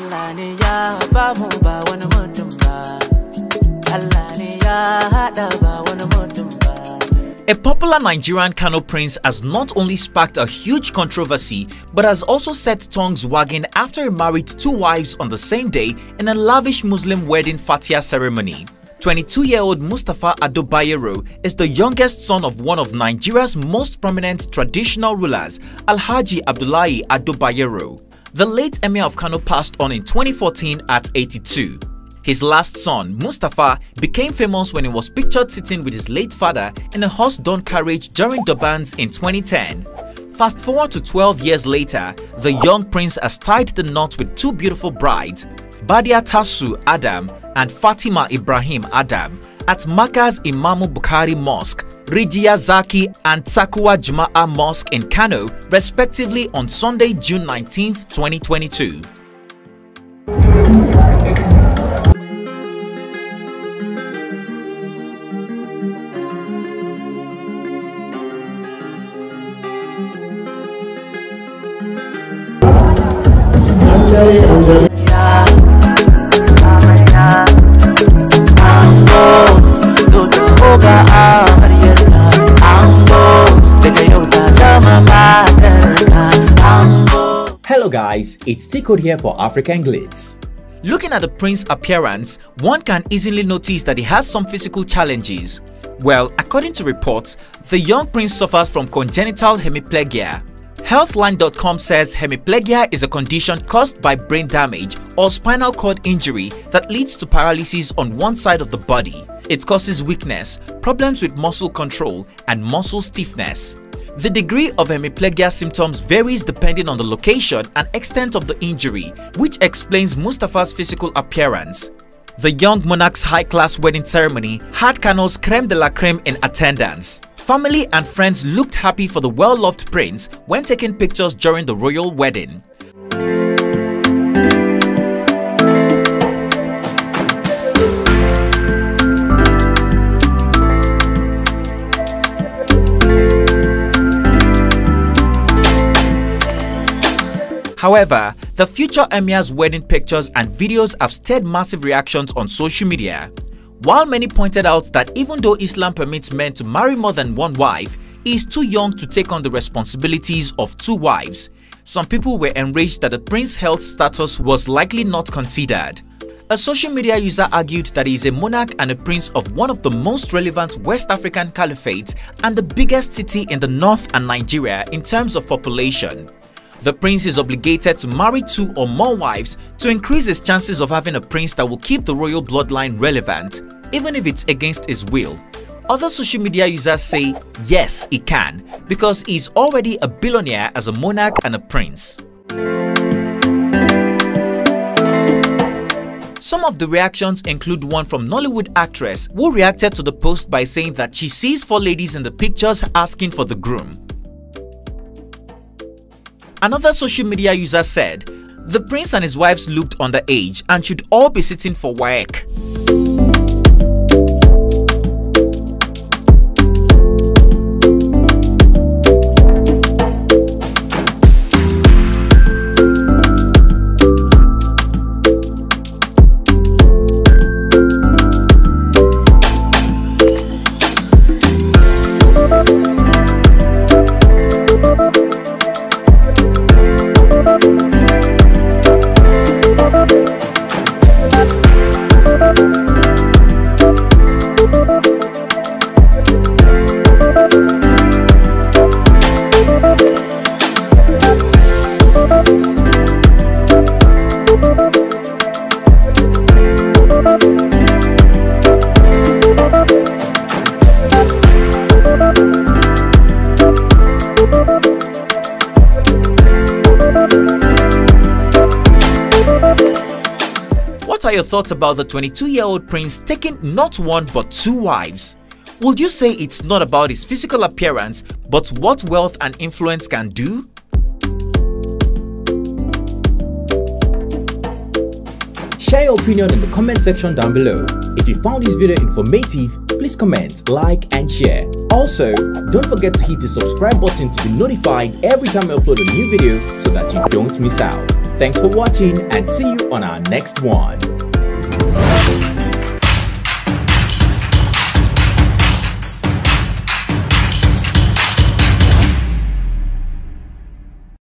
ya ba mu ba wani mutum ba ya hada ba wani mutum ba a popular Nigerian Kano prince has not only sparked a huge controversy, but has also set tongues wagging after he married two wives on the same day in a lavish Muslim wedding fatia ceremony. 22-year-old Mustafa Adobayero is the youngest son of one of Nigeria's most prominent traditional rulers, Alhaji Abdullahi Adobayero. The late Emir of Kano passed on in 2014 at 82. His last son, Mustafa, became famous when he was pictured sitting with his late father in a horse-drawn carriage during Durban's in 2010. Fast forward to 12 years later, the young prince has tied the knot with two beautiful brides, Badia Tasu Adam and Fatima Ibrahim Adam, at Makkah's Imam Bukhari Mosque Rijia Zaki and Takua Jma'a Mosque in Kano, respectively on Sunday, June 19, 2022. Thank you. Hello guys, it's Tico here for African Glitz. Looking at the prince's appearance, one can easily notice that he has some physical challenges. Well, according to reports, the young prince suffers from congenital hemiplegia. Healthline.com says hemiplegia is a condition caused by brain damage or spinal cord injury that leads to paralysis on one side of the body. It causes weakness, problems with muscle control, and muscle stiffness. The degree of hemiplegia symptoms varies depending on the location and extent of the injury, which explains Mustafa's physical appearance. The young monarch's high-class wedding ceremony had Kano's creme de la creme in attendance. Family and friends looked happy for the well-loved prince when taking pictures during the royal wedding. However, the future Emir's wedding pictures and videos have stirred massive reactions on social media. While many pointed out that even though Islam permits men to marry more than one wife, he is too young to take on the responsibilities of two wives. Some people were enraged that the prince's health status was likely not considered. A social media user argued that he is a monarch and a prince of one of the most relevant West African caliphates and the biggest city in the north and Nigeria in terms of population. The prince is obligated to marry two or more wives to increase his chances of having a prince that will keep the royal bloodline relevant, even if it's against his will. Other social media users say yes, he can, because he's already a billionaire as a monarch and a prince. Some of the reactions include one from Nollywood actress who reacted to the post by saying that she sees four ladies in the pictures asking for the groom. Another social media user said, the prince and his wives looked underage and should all be sitting for work." your thoughts about the 22-year-old prince taking not one but two wives? Would you say it's not about his physical appearance but what wealth and influence can do? Share your opinion in the comment section down below. If you found this video informative, please comment, like and share. Also, don't forget to hit the subscribe button to be notified every time I upload a new video so that you don't miss out. Thanks for watching and see you on our next one.